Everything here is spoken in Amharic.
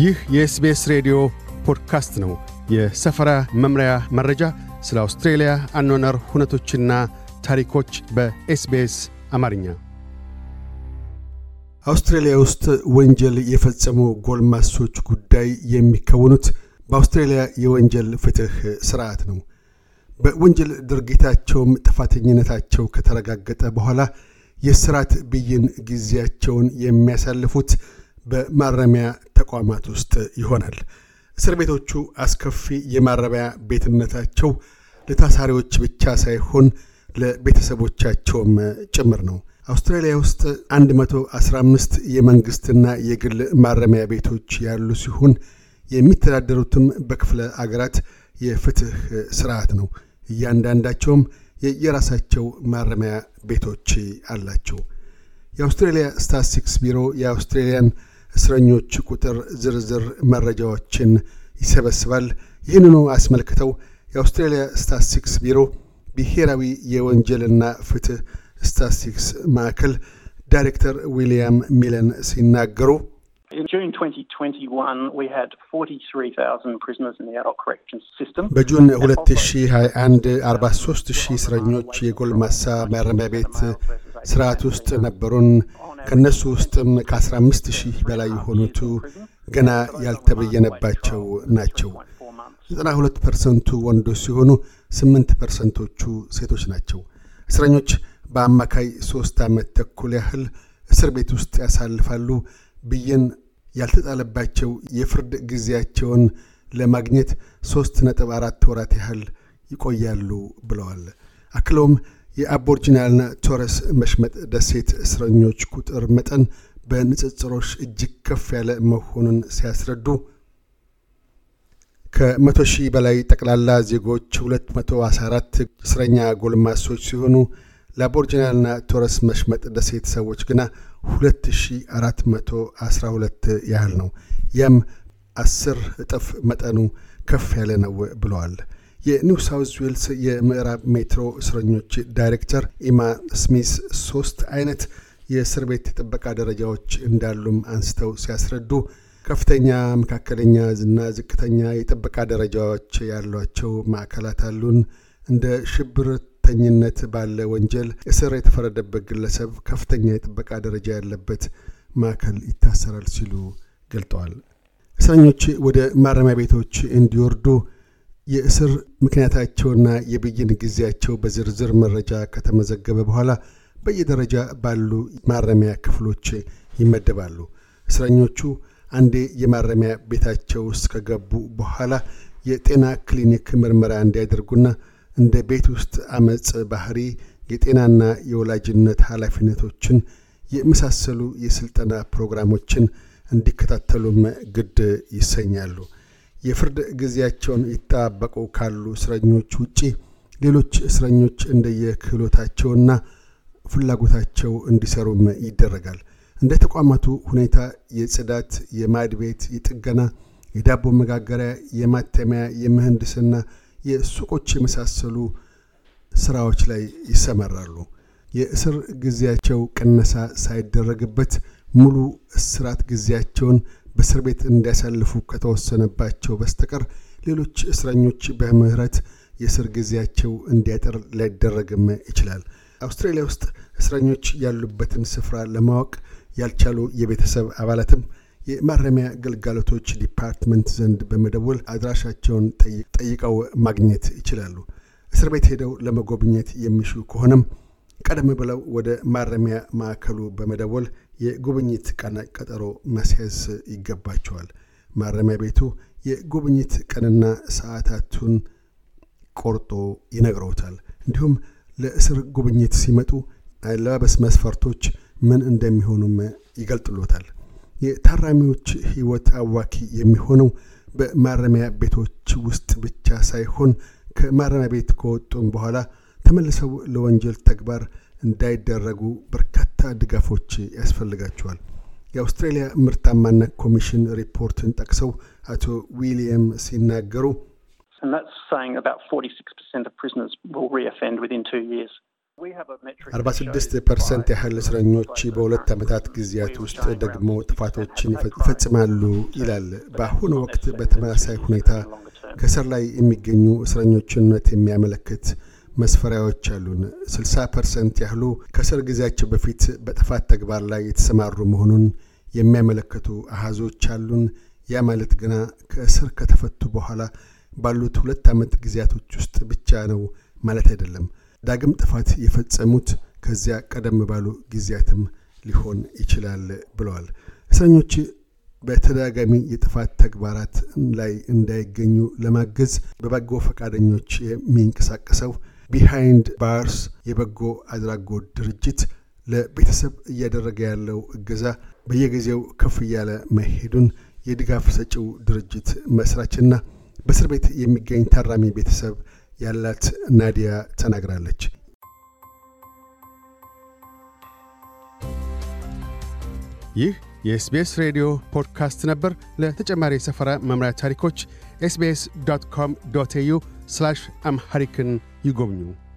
ይህ የኤስቤስ ሬዲዮ ፖድካስት ነው። የሰፈራ መምሪያ መረጃ፣ ስለ አውስትሬልያ አኗነር ሁነቶችና ታሪኮች በኤስቤስ አማርኛ። አውስትሬልያ ውስጥ ወንጀል የፈጸሙ ጎልማሶች ጉዳይ የሚከወኑት በአውስትሬልያ የወንጀል ፍትሕ ሥርዓት ነው። በወንጀል ድርጊታቸውም ጥፋተኝነታቸው ከተረጋገጠ በኋላ የስራት ብይን ጊዜያቸውን የሚያሳልፉት በማረሚያ ተቋማት ውስጥ ይሆናል። እስር ቤቶቹ አስከፊ የማረሚያ ቤትነታቸው ለታሳሪዎች ብቻ ሳይሆን ለቤተሰቦቻቸውም ጭምር ነው። አውስትራሊያ ውስጥ 115 የመንግሥትና የግል ማረሚያ ቤቶች ያሉ ሲሆን የሚተዳደሩትም በክፍለ አገራት የፍትህ ስርዓት ነው። እያንዳንዳቸውም የየራሳቸው ማረሚያ ቤቶች አላቸው። የአውስትሬሊያ ስታትስቲክስ ቢሮ የአውስትሬሊያን እስረኞች ቁጥር ዝርዝር መረጃዎችን ይሰበስባል። ይህንኑ አስመልክተው የአውስትራሊያ ስታስቲክስ ቢሮ ብሔራዊ የወንጀልና ፍትህ ስታስቲክስ ማዕከል ዳይሬክተር ዊልያም ሚለን ሲናገሩ በጁን 2021 43 ሺህ እስረኞች የጎልማሳ ማረሚያ ቤት ስርዓት ውስጥ ነበሩን። ከእነሱ ውስጥም ከ15 ሺህ በላይ የሆኑቱ ገና ያልተበየነባቸው ናቸው። 92 ፐርሰንቱ ወንዶች ሲሆኑ 8 ፐርሰንቶቹ ሴቶች ናቸው። እስረኞች በአማካይ ሦስት ዓመት ተኩል ያህል እስር ቤት ውስጥ ያሳልፋሉ። ብይን ያልተጣለባቸው የፍርድ ጊዜያቸውን ለማግኘት ሦስት ነጥብ አራት ወራት ያህል ይቆያሉ ብለዋል። አክለውም የአቦርጂናልና ቶረስ መሽመጥ ደሴት እስረኞች ቁጥር መጠን በንጽጽሮች እጅግ ከፍ ያለ መሆኑን ሲያስረዱ ከመቶ ሺህ በላይ ጠቅላላ ዜጎች 214 እስረኛ ጎልማሶች ሲሆኑ ለአቦርጂናልና ቶረስ መሽመጥ ደሴት ሰዎች ግና 2412 ያህል ነው። ያም አስር እጥፍ መጠኑ ከፍ ያለ ነው ብለዋል። የኒው ሳውዝ ዌልስ የምዕራብ ሜትሮ እስረኞች ዳይሬክተር ኢማ ስሚስ ሶስት አይነት የእስር ቤት የጥበቃ ደረጃዎች እንዳሉም አንስተው ሲያስረዱ ከፍተኛ፣ መካከለኛ እና ዝቅተኛ የጥበቃ ደረጃዎች ያሏቸው ማዕከላት አሉን። እንደ ሽብርተኝነት ባለ ወንጀል እስር የተፈረደበት ግለሰብ ከፍተኛ የጥበቃ ደረጃ ያለበት ማዕከል ይታሰራል ሲሉ ገልጠዋል። እስረኞች ወደ ማረሚያ ቤቶች እንዲወርዱ የእስር ምክንያታቸውና የብይን ጊዜያቸው በዝርዝር መረጃ ከተመዘገበ በኋላ በየደረጃ ባሉ ማረሚያ ክፍሎች ይመደባሉ። እስረኞቹ አንዴ የማረሚያ ቤታቸው ውስጥ ከገቡ በኋላ የጤና ክሊኒክ ምርመራ እንዲያደርጉና እንደ ቤት ውስጥ አመፅ ባህሪ፣ የጤናና የወላጅነት ኃላፊነቶችን የመሳሰሉ የስልጠና ፕሮግራሞችን እንዲከታተሉም ግድ ይሰኛሉ። የፍርድ ጊዜያቸውን ይጠባበቁ ካሉ እስረኞች ውጪ ሌሎች እስረኞች እንደየክህሎታቸውና ፍላጎታቸው እንዲሰሩም ይደረጋል። እንደ ተቋማቱ ሁኔታ የጽዳት፣ የማድ ቤት፣ የጥገና፣ የዳቦ መጋገሪያ፣ የማተሚያ፣ የምህንድስና፣ የሱቆች የመሳሰሉ ስራዎች ላይ ይሰማራሉ። የእስር ጊዜያቸው ቅነሳ ሳይደረግበት ሙሉ እስራት ጊዜያቸውን በእስር ቤት እንዲያሳልፉ ከተወሰነባቸው በስተቀር ሌሎች እስረኞች በምህረት የእስር ጊዜያቸው እንዲያጠር ሊያደረግም ይችላል። አውስትራሊያ ውስጥ እስረኞች ያሉበትን ስፍራ ለማወቅ ያልቻሉ የቤተሰብ አባላትም የማረሚያ ግልጋሎቶች ዲፓርትመንት ዘንድ በመደወል አድራሻቸውን ጠይቀው ማግኘት ይችላሉ። እስር ቤት ሄደው ለመጎብኘት የሚሹ ከሆነም ቀደም ብለው ወደ ማረሚያ ማዕከሉ በመደወል የጉብኝት ቀን ቀጠሮ መስያዝ ይገባቸዋል። ማረሚያ ቤቱ የጉብኝት ቀንና ሰዓታቱን ቆርጦ ይነግረውታል። እንዲሁም ለእስር ጉብኝት ሲመጡ አለባበስ መስፈርቶች ምን እንደሚሆኑም ይገልጥሎታል። የታራሚዎች ህይወት አዋኪ የሚሆነው በማረሚያ ቤቶች ውስጥ ብቻ ሳይሆን ከማረሚያ ቤት ከወጡም በኋላ ተመልሰው ለወንጀል ተግባር እንዳይደረጉ በርካታ ድጋፎች ያስፈልጋቸዋል። የአውስትሬሊያ ምርታማነት ኮሚሽን ሪፖርትን ጠቅሰው አቶ ዊሊያም ሲናገሩ አርባ ስድስት ፐርሰንት ያህል እስረኞች በሁለት ዓመታት ጊዜያት ውስጥ ደግሞ ጥፋቶችን ይፈጽማሉ ይላል። በአሁኑ ወቅት በተመሳሳይ ሁኔታ ከእስር ላይ የሚገኙ እስረኞችን እውነት የሚያመለክት መስፈሪያዎች አሉን። 60 ፐርሰንት ያህሉ ከስር ጊዜያቸው በፊት በጥፋት ተግባር ላይ የተሰማሩ መሆኑን የሚያመለክቱ አሃዞች አሉን። ያ ማለት ገና ከእስር ከተፈቱ በኋላ ባሉት ሁለት ዓመት ጊዜያቶች ውስጥ ብቻ ነው ማለት አይደለም። ዳግም ጥፋት የፈጸሙት ከዚያ ቀደም ባሉ ጊዜያትም ሊሆን ይችላል ብለዋል። እስረኞች በተደጋጋሚ የጥፋት ተግባራት ላይ እንዳይገኙ ለማገዝ በበጎ ፈቃደኞች የሚንቀሳቀሰው ቢሃይንድ ባርስ የበጎ አድራጎት ድርጅት ለቤተሰብ እያደረገ ያለው እገዛ በየጊዜው ከፍ እያለ መሄዱን የድጋፍ ሰጪው ድርጅት መስራችና በእስር ቤት የሚገኝ ታራሚ ቤተሰብ ያላት ናዲያ ተናግራለች። ይህ የኤስቤስ ሬዲዮ ፖድካስት ነበር። ለተጨማሪ የሰፈራ መምሪያ ታሪኮች ኤስቤስ ዶት ኮም ዶት ኤዩ slash amharican Yugovnu.